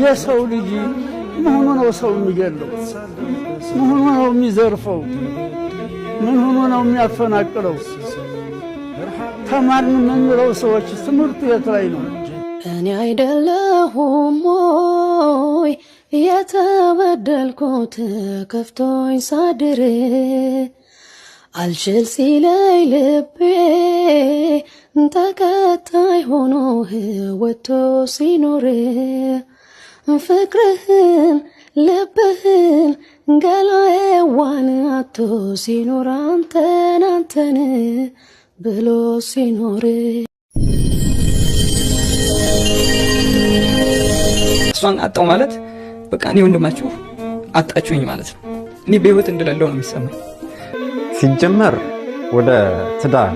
የሰው ልጅ ምን ነው ሰው የሚገለው ምን ነው የሚዘርፈው? ምን ነው የሚያፈናቅለው? ተማርን የምንለው ሰዎች ትምህርት የት ላይ ነው? እኔ አይደለሁም ወይ የተበደልኩት ከፍቶኝ ሳድር አልችል ሲለይ ልቤ ተከታይ ሆኖህ ወጥቶ ሲኖር ፍቅርህን ልብህን ገላየዋን አቶ ሲኖር አንተን አንተን ብሎ ሲኖር እሷን አጣው ማለት በቃ እኔ ወንድማችሁ አጣችሁኝ ማለት ነው። እኔ በህይወት እንደሌለው ነው የሚሰማኝ ሲጀመር ወደ ትዳር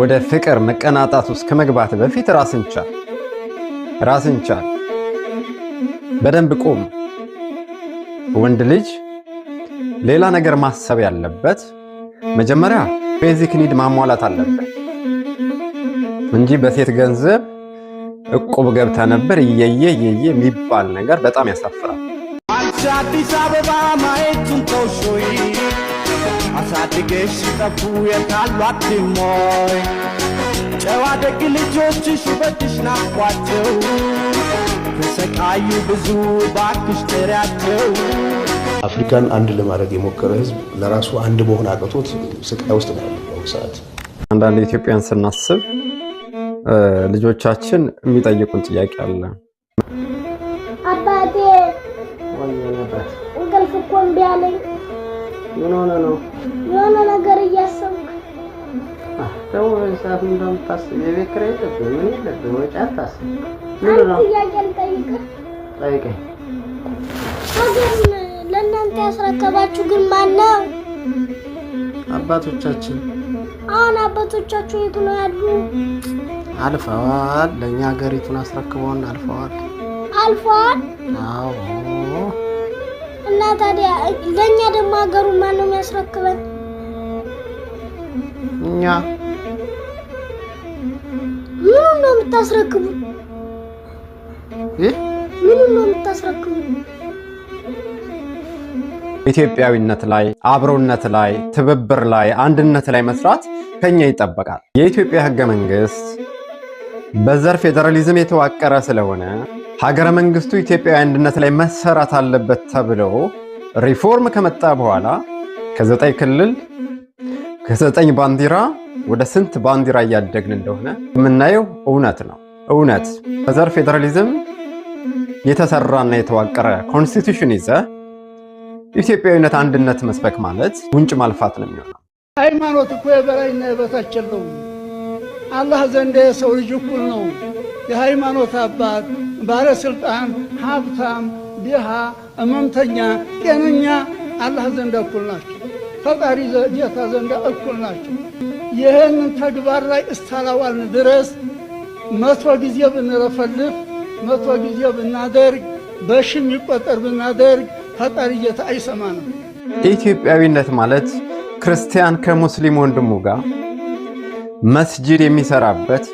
ወደ ፍቅር መቀናጣት ውስጥ ከመግባት በፊት ራስን ቻል፣ ራስን ቻል። በደንብ ቁም። ወንድ ልጅ ሌላ ነገር ማሰብ ያለበት መጀመሪያ ቤዚክ ኒድ ማሟላት አለበት እንጂ በሴት ገንዘብ እቁብ ገብታ ነበር እየየ እየየ የሚባል ነገር በጣም ያሳፍራል። አዲስ አበባ ማየቱን ተውሾይ አሳድገሽ ሲጠፉ የታሉ አድሞይ ጨዋ ደግ ልጆችሽ በእጅሽ ናኳቸው ተሰቃዩ ብዙ ባክሽ ጥሪያቸው። አፍሪካን አንድ ለማድረግ የሞከረ ህዝብ ለራሱ አንድ መሆን አቅቶት ስቃይ ውስጥ ነው ያለው ሰዓት። አንዳንድ ኢትዮጵያን ስናስብ ልጆቻችን የሚጠይቁን ጥያቄ አለ። አባቴ እንቅልፍ እኮ እምቢ አለኝ ምን ሆነ ነው? የሆነ ነገር እያሰብኩ ተው። የቤት ኪራይ የለብህ ምን የለብህ ወጪ አታስብ። ነው ጠይቀኝ። ለእናንተ ያስረከባችሁ ግን ማን ነው? አባቶቻችን። አሁን አባቶቻችሁ የት ነው ያሉ? አልፈዋል። ለእኛ ሀገሪቱን አስረክበውን አልፈዋል። አልፈዋል? አዎ እና ታዲያ ለእኛ ደግሞ ሀገሩን ማን ነው የሚያስረክበን? እኛ ምኑን ነው የምታስረክቡ? ምን ነው የምታስረክቡ? ኢትዮጵያዊነት ላይ አብሮነት ላይ ትብብር ላይ አንድነት ላይ መስራት ከኛ ይጠበቃል። የኢትዮጵያ ሕገ መንግስት በዘር ፌዴራሊዝም የተዋቀረ ስለሆነ ሀገረ መንግስቱ ኢትዮጵያዊ አንድነት ላይ መሰራት አለበት ተብሎ ሪፎርም ከመጣ በኋላ ከዘጠኝ ክልል ከዘጠኝ ባንዲራ ወደ ስንት ባንዲራ እያደግን እንደሆነ የምናየው እውነት ነው። እውነት በዘር ፌዴራሊዝም የተሰራና የተዋቀረ ኮንስቲቱሽን ይዘ ኢትዮጵያዊነት አንድነት መስበክ ማለት ጉንጭ ማልፋት ነው የሚሆነው። ሃይማኖት እኮ የበላይና የበታች የለውም። አላህ ዘንድ የሰው ልጅ እኩል ነው። የሃይማኖት አባት፣ ባለሥልጣን፣ ሀብታም፣ ድሃ፣ እመምተኛ፣ ጤነኛ አላህ ዘንዳ እኩል ናቸው። ፈጣሪ ጌታ ዘንድ እኩል ናቸው። ይህንን ተግባር ላይ እስታላዋልን ድረስ መቶ ጊዜ ብንረፈልፍ መቶ ጊዜ ብናደርግ በሺ የሚቆጠር ብናደርግ ፈጣሪ ጌታ አይሰማንም። ኢትዮጵያዊነት ማለት ክርስቲያን ከሙስሊም ወንድሙ ጋር መስጅድ የሚሰራበት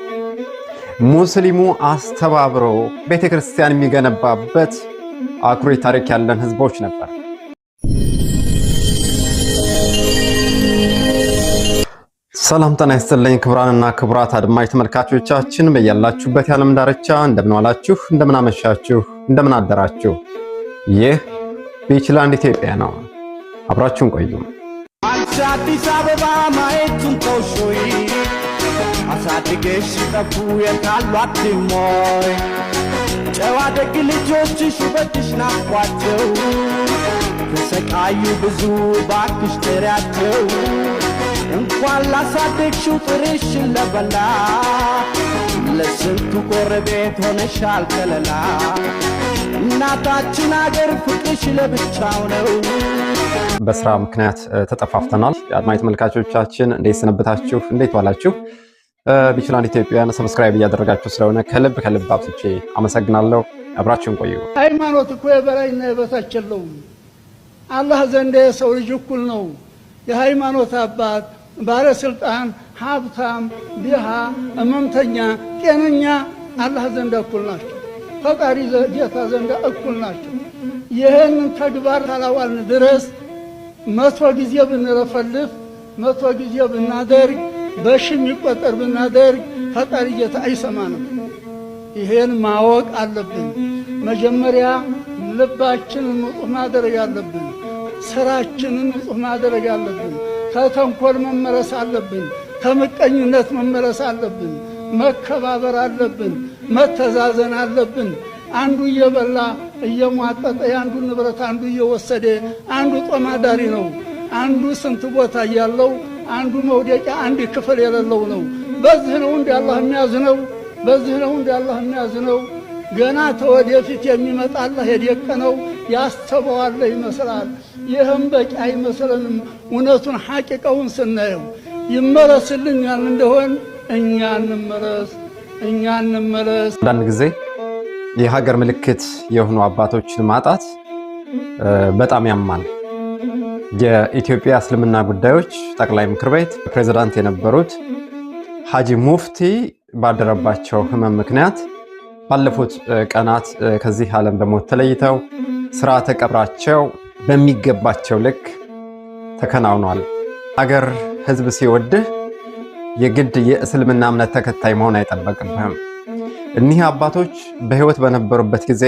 ሙስሊሙ አስተባብሮ ቤተ ክርስቲያን የሚገነባበት አኩሪ ታሪክ ያለን ህዝቦች ነበር። ሰላም ጤና ይስጥልኝ ክቡራንና ክቡራት አድማጭ ተመልካቾቻችን በያላችሁበት የዓለም ዳርቻ እንደምን ዋላችሁ፣ እንደምን አመሻችሁ፣ እንደምን አደራችሁ። ይህ ቢችላንድ ኢትዮጵያ ነው። አብራችሁን ቆዩም አዲስ አበባ ማየቱን አሳድገሽ ሲጠፉ የታሉ አድሞይ ጨዋ ደግ ልጆችሽ ውበትሽ ናፍቋቸው ተሰቃዩ ብዙ ባክሽ ጥሪያቸው እንኳን ላሳደግሽው ጥሬሽን ለበላ ለስንቱ ጎረቤት ሆነሻል ከለላ እናታችን አገር ፍቅሽ ለብቻው ነው። በስራ ምክንያት ተጠፋፍተናል። አድማጭ ተመልካቾቻችን እንዴት ሰነበታችሁ? እንዴት ዋላችሁ? ቢችላን ኢትዮጵያን ሰብስክራይብ እያደረጋችሁ ስለሆነ ከልብ ከልብ አብስቼ አመሰግናለሁ። አብራችሁን ቆዩ። ሃይማኖት እኮ የበላይና የበታች የለውም። አላህ ዘንድ የሰው ልጅ እኩል ነው። የሃይማኖት አባት፣ ባለስልጣን፣ ሀብታም፣ ድሃ፣ እመምተኛ፣ ጤነኛ አላህ ዘንድ እኩል ናቸው። ፈጣሪ ጌታ ዘንድ እኩል ናቸው። ይህን ተግባር ካላዋልን ድረስ መቶ ጊዜ ብንለፈልፍ መቶ ጊዜ ብናደርግ በሺ የሚቆጠር ብናደርግ ፈጣሪ ጌታ አይሰማንም። ይሄን ማወቅ አለብን። መጀመሪያ ልባችንን ንጹሕ ማድረግ አለብን። ስራችንን ንጹሕ ማድረግ አለብን። ከተንኮል መመለስ አለብን። ከምቀኝነት መመለስ አለብን። መከባበር አለብን። መተዛዘን አለብን። አንዱ እየበላ እየሟጠጠ የአንዱ ንብረት አንዱ እየወሰደ አንዱ ጦም ነው። አንዱ ስንት ቦታ እያለው አንዱ መውደቂያ አንድ ክፍል የሌለው ነው። በዚህ ነው እንዲ አላህ የሚያዝነው፣ በዚህ ነው እንዲ አላህ የሚያዝነው። ገና ተወደፊት የሚመጣለህ የደቀነው ያስተበዋለ ይመስላል። ይህም በቂ አይመስለንም። እውነቱን ሐቂቀውን ስናየው ይመረስልኛል እንደሆን እኛ እንመለስ፣ እኛ እንመለስ። አንዳንድ ጊዜ የሀገር ምልክት የሆኑ አባቶችን ማጣት በጣም ያማል። የኢትዮጵያ እስልምና ጉዳዮች ጠቅላይ ምክር ቤት ፕሬዚዳንት የነበሩት ሀጂ ሙፍቲ ባደረባቸው ህመም ምክንያት ባለፉት ቀናት ከዚህ ዓለም በሞት ተለይተው ስርዓተ ቀብራቸው በሚገባቸው ልክ ተከናውኗል። አገር ህዝብ ሲወድህ የግድ የእስልምና እምነት ተከታይ መሆን አይጠበቅብህም። እኒህ አባቶች በህይወት በነበሩበት ጊዜ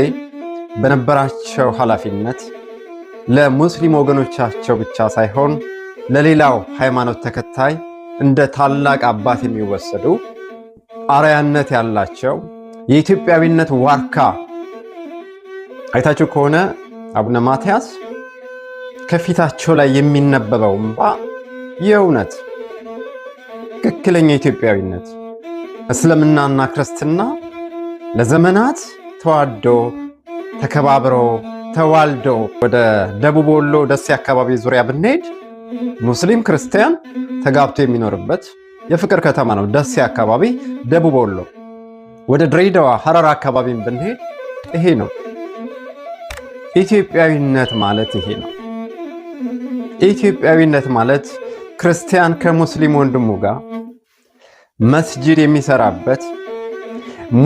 በነበራቸው ኃላፊነት ለሙስሊም ወገኖቻቸው ብቻ ሳይሆን ለሌላው ሃይማኖት ተከታይ እንደ ታላቅ አባት የሚወሰዱ አርያነት ያላቸው የኢትዮጵያዊነት ዋርካ አይታችሁ ከሆነ አቡነ ማትያስ ከፊታቸው ላይ የሚነበበው እንባ የእውነት ትክክለኛ ኢትዮጵያዊነት እስልምናና ክርስትና ለዘመናት ተዋዶ ተከባብሮ ተዋልዶ ወደ ደቡብ ወሎ ደሴ አካባቢ ዙሪያ ብንሄድ ሙስሊም ክርስቲያን ተጋብቶ የሚኖርበት የፍቅር ከተማ ነው። ደሴ አካባቢ፣ ደቡብ ወሎ። ወደ ድሬዳዋ ሀረራ አካባቢም ብንሄድ ይሄ ነው። ኢትዮጵያዊነት ማለት ይሄ ነው። ኢትዮጵያዊነት ማለት ክርስቲያን ከሙስሊም ወንድሙ ጋር መስጂድ የሚሰራበት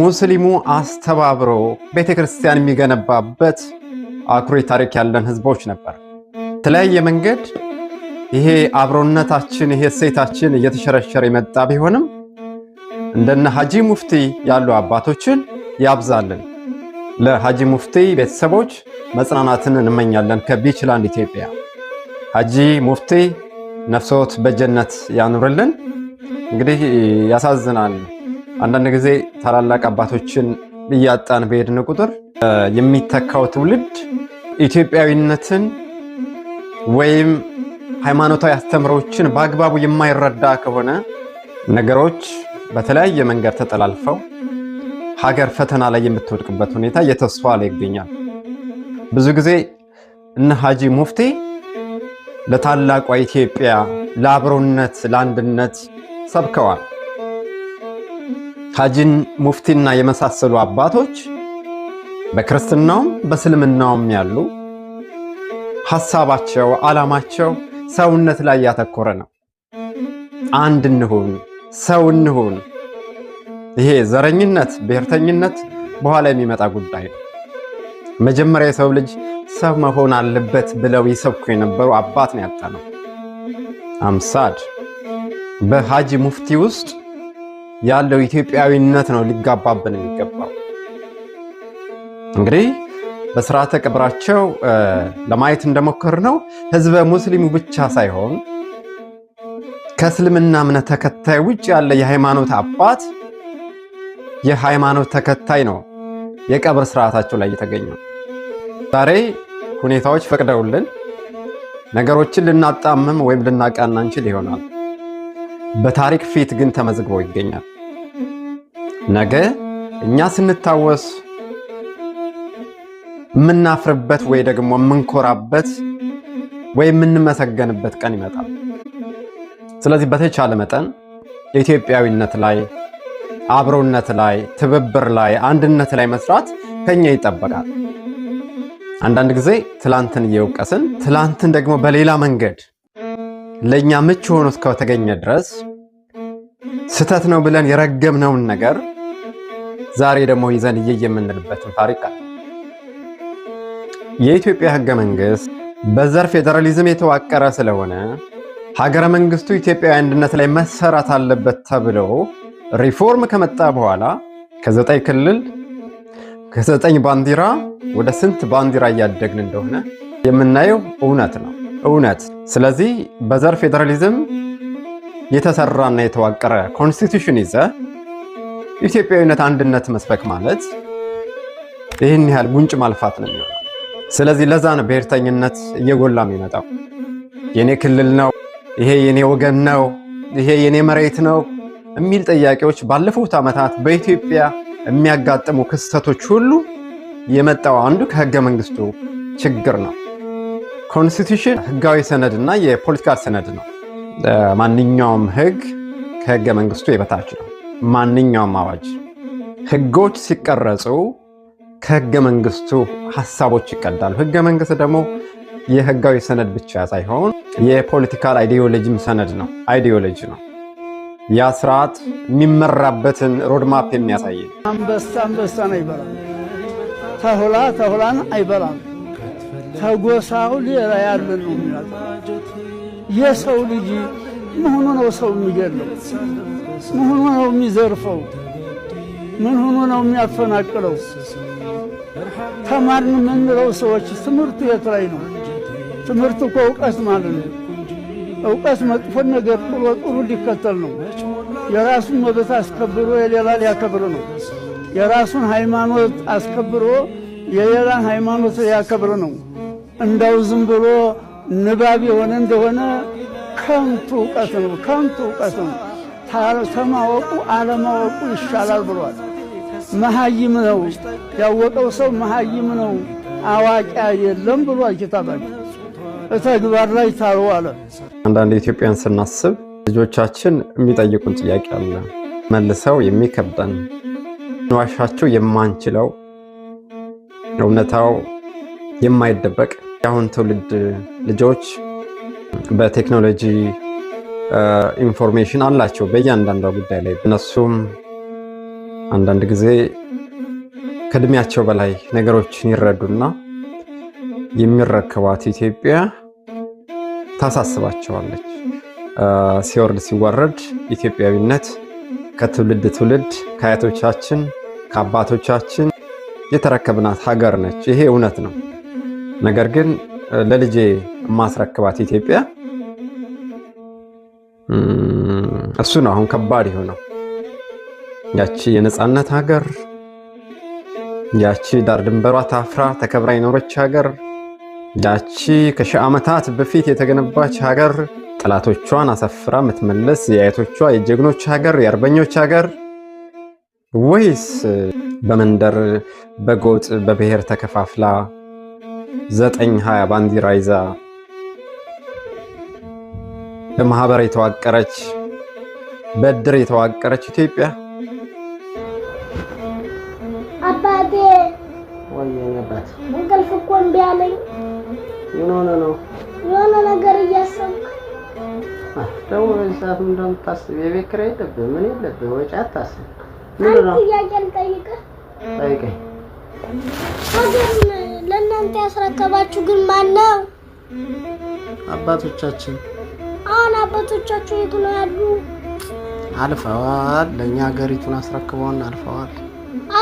ሙስሊሙ አስተባብሮ ቤተክርስቲያን የሚገነባበት አኩሪ ታሪክ ያለን ህዝቦች ነበር። የተለያየ መንገድ ይሄ አብሮነታችን ይሄ እሴታችን እየተሸረሸረ የመጣ ቢሆንም እንደነ ሀጂ ሙፍቲ ያሉ አባቶችን ያብዛልን። ለሀጂ ሙፍቲ ቤተሰቦች መጽናናትን እንመኛለን። ከቢችላንድ ኢትዮጵያ ሐጂ ሙፍቲ ነፍሶት በጀነት ያኑርልን። እንግዲህ ያሳዝናል። አንዳንድ ጊዜ ታላላቅ አባቶችን እያጣን በሄድን ቁጥር የሚተካው ትውልድ ኢትዮጵያዊነትን ወይም ሃይማኖታዊ አስተምሮችን በአግባቡ የማይረዳ ከሆነ ነገሮች በተለያየ መንገድ ተጠላልፈው ሀገር ፈተና ላይ የምትወድቅበት ሁኔታ ላይ ይገኛል። ብዙ ጊዜ እነ ሀጂ ሙፍቲ ለታላቋ ኢትዮጵያ ለአብሮነት፣ ለአንድነት ሰብከዋል። ሀጂን ሙፍቲና የመሳሰሉ አባቶች በክርስትናውም በእስልምናውም ያሉ ሐሳባቸው ዓላማቸው ሰውነት ላይ ያተኮረ ነው። አንድ እንሁን፣ ሰው እንሁን። ይሄ ዘረኝነት፣ ብሔርተኝነት በኋላ የሚመጣ ጉዳይ ነው። መጀመሪያ የሰው ልጅ ሰው መሆን አለበት ብለው ይሰብኩ የነበሩ አባት ነው ያጣ ነው አምሳድ በሀጂ ሙፍቲ ውስጥ ያለው ኢትዮጵያዊነት ነው ሊጋባብን የሚገባው። እንግዲህ በስርዓተ ቀብራቸው ለማየት እንደሞከር ነው ህዝበ ሙስሊሙ ብቻ ሳይሆን ከእስልምና እምነት ተከታይ ውጭ ያለ የሃይማኖት አባት የሃይማኖት ተከታይ ነው የቀብር ስርዓታቸው ላይ የተገኘው። ዛሬ ሁኔታዎች ፈቅደውልን ነገሮችን ልናጣምም ወይም ልናቃና እንችል ይሆናል። በታሪክ ፊት ግን ተመዝግቦ ይገኛል። ነገ እኛ ስንታወስ የምናፍርበት ወይ ደግሞ የምንኮራበት ወይ የምንመሰገንበት ቀን ይመጣል። ስለዚህ በተቻለ መጠን ኢትዮጵያዊነት ላይ አብሮነት ላይ ትብብር ላይ አንድነት ላይ መስራት ከኛ ይጠበቃል። አንዳንድ ጊዜ ትላንትን እየወቀስን ትላንትን ደግሞ በሌላ መንገድ ለእኛ ምቹ ሆኖ እስከተገኘ ድረስ ስህተት ነው ብለን የረገምነውን ነገር ዛሬ ደግሞ ይዘን እየየምንልበትን ታሪክ አለ። የኢትዮጵያ ህገ መንግስት በዘር ፌዴራሊዝም የተዋቀረ ስለሆነ ሀገረ መንግስቱ ኢትዮጵያዊ አንድነት ላይ መሰራት አለበት ተብሎ ሪፎርም ከመጣ በኋላ ከዘጠኝ ክልል ከዘጠኝ ባንዲራ ወደ ስንት ባንዲራ እያደግን እንደሆነ የምናየው እውነት ነው እውነት። ስለዚህ በዘር ፌዴራሊዝም የተሰራና የተዋቀረ ኮንስቲቱሽን ይዘ ኢትዮጵያዊነት አንድነት መስበክ ማለት ይህን ያህል ጉንጭ ማልፋት ነው የሚሆነው። ስለዚህ ለዛ ነው ብሔርተኝነት እየጎላ የሚመጣው። የኔ ክልል ነው፣ ይሄ የኔ ወገን ነው፣ ይሄ የኔ መሬት ነው የሚል ጥያቄዎች ባለፉት ዓመታት በኢትዮጵያ የሚያጋጥሙ ክስተቶች ሁሉ የመጣው አንዱ ከህገ መንግስቱ ችግር ነው። ኮንስቲቱሽን ህጋዊ ሰነድ እና የፖለቲካ ሰነድ ነው። ማንኛውም ህግ ከህገ መንግስቱ የበታች ነው። ማንኛውም አዋጅ ህጎች ሲቀረጹ ከህገ መንግስቱ ሀሳቦች ይቀዳሉ። ህገ መንግስት ደግሞ የህጋዊ ሰነድ ብቻ ሳይሆን የፖለቲካል አይዲዮሎጂም ሰነድ ነው፣ አይዲዮሎጂ ነው። ያ ስርዓት የሚመራበትን ሮድማፕ የሚያሳይ አንበሳ አንበሳን አይበላም፣ ተሁላ ተሁላን አይበላም፣ ተጎሳው ሌላ ያለን ነው የሰው ልጅ ምን ነው ሰው የሚገለው ምን ነው የሚዘርፈው? ምን ነው የሚያፈናቅለው? ተማርን የምንለው ሰዎች ትምህርቱ የት ላይ ነው? ትምህርቱ እኮ እውቀት ማለት ነው። እውቀት መጥፎን ነገር ጥሎ ጥሩ ሊከተል ነው። የራሱን መብት አስከብሮ የሌላ ሊያከብር ነው። የራሱን ሃይማኖት አስከብሮ የሌላን ሃይማኖት ሊያከብር ነው። እንዳው ዝም ብሎ ንባብ የሆነ እንደሆነ ከንቱ እውቀት ነው። ከንቱ እውቀት ነው። ተማወቁ አለማወቁ ይሻላል ብሏል። መሀይም ነው። ያወቀው ሰው መሀይም ነው፣ አዋቂ አይደለም ብሎ ኪታባችን። እተግባር ላይ ታሩ አለ። አንዳንድ ኢትዮጵያን ስናስብ ልጆቻችን የሚጠይቁን ጥያቄ አለ መልሰው የሚከብደን ንዋሻቸው የማንችለው እውነታው የማይደበቅ የአሁን ትውልድ ልጆች በቴክኖሎጂ ኢንፎርሜሽን አላቸው በእያንዳንዷ ጉዳይ ላይ እነሱም አንዳንድ ጊዜ ከእድሜያቸው በላይ ነገሮችን ይረዱና የሚረከቧት ኢትዮጵያ ታሳስባቸዋለች። ሲወርድ ሲዋረድ ኢትዮጵያዊነት ከትውልድ ትውልድ ከአያቶቻችን ከአባቶቻችን የተረከብናት ሀገር ነች። ይሄ እውነት ነው። ነገር ግን ለልጄ የማስረክባት ኢትዮጵያ እሱ ነው አሁን ከባድ የሆነው። ያቺ የነጻነት ሀገር፣ ያቺ ዳር ድንበሯ ታፍራ ተከብራ የኖረች ሀገር፣ ያቺ ከሺህ ዓመታት በፊት የተገነባች ሀገር ጠላቶቿን አሰፍራ የምትመለስ የአያቶቿ የጀግኖች ሀገር፣ የአርበኞች ሀገር ወይስ በመንደር በጎጥ በብሔር ተከፋፍላ ዘጠኝ ሀያ ባንዲራ ይዛ በማህበር የተዋቀረች በእድር የተዋቀረች ኢትዮጵያ ሰዓት እንደምታስብ የቤት ኪራይ የለብህ ምን የለብህ ወጪ አታስብ። ምን ነው ጠይቀኝ። ለእናንተ ያስረከባችሁ ግን ማን ነው? አባቶቻችን። አሁን አባቶቻችሁ የቱ ነው ያሉ? አልፈዋል። ለእኛ ሀገሪቱን አስረክበውን አልፈዋል።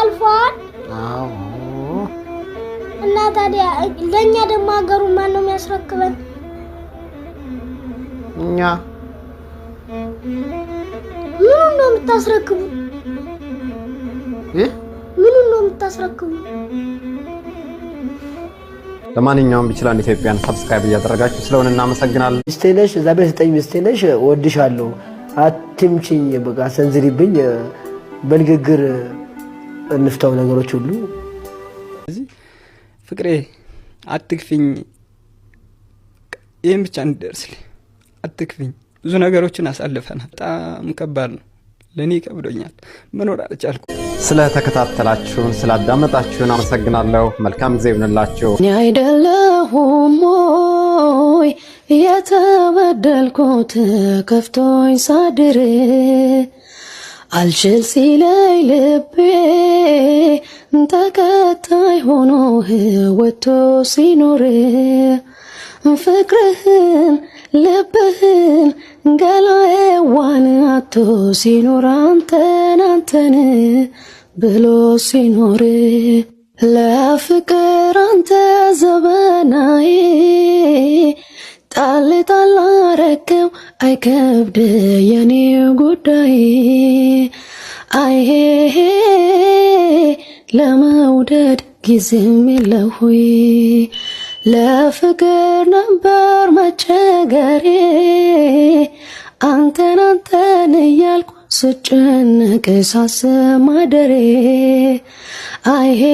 አልፈዋል? አዎ። እና ታዲያ ለእኛ ደግሞ ሀገሩን ማን ነው የሚያስረክበን? እኛ ምኑን ነው የምታስረክቡ? ምኑን ነው የምታስረክቡ? ለማንኛውም ቢችላን ኢትዮጵያን ሰብስክራይብ እያደረጋችሁ ስለሆነ እናመሰግናለን። ሚስቴ ነሽ፣ እዛ ቤት ስጠኝ። ሚስቴ ነሽ፣ አትምችኝ፣ በቃ ሰንዝሪብኝ። በንግግር እንፍታው ነገሮች ሁሉ ፍቅሬ አትክፍኝ፣ ይህም ብቻ እንድደርስልኝ አትክፍኝ። ብዙ ነገሮችን አሳልፈናል። በጣም ከባድ ነው። ለእኔ ከብዶኛል። መኖር አልቻልኩም። ስለተከታተላችሁን ስላዳመጣችሁን አመሰግናለሁ። መልካም ጊዜ ይሁንላችሁ። እኔ አይደለሁም ወይ የተበደልኩት ከፍቶኝ ሳድር አልችል ሲለይ ልቤ ተከታይ ሆኖ ወጥቶ ሲኖር ፍቅርህን ልብህን ገላዋን አቶ ሲኖር አንተን አንተን ብሎ ሲኖር ለፍቅር አንተ ዘበናዬ ጣል ጣል አረከው አይከብድ የኔው ጉዳይ አይሄሄ ለመውደድ ጊዜም የለሁይ ለፍቅር ነበር መቸገሬ አንተን አንተን እያልኩ ስጨነቅ ሳስብ ማደሬ አይሄ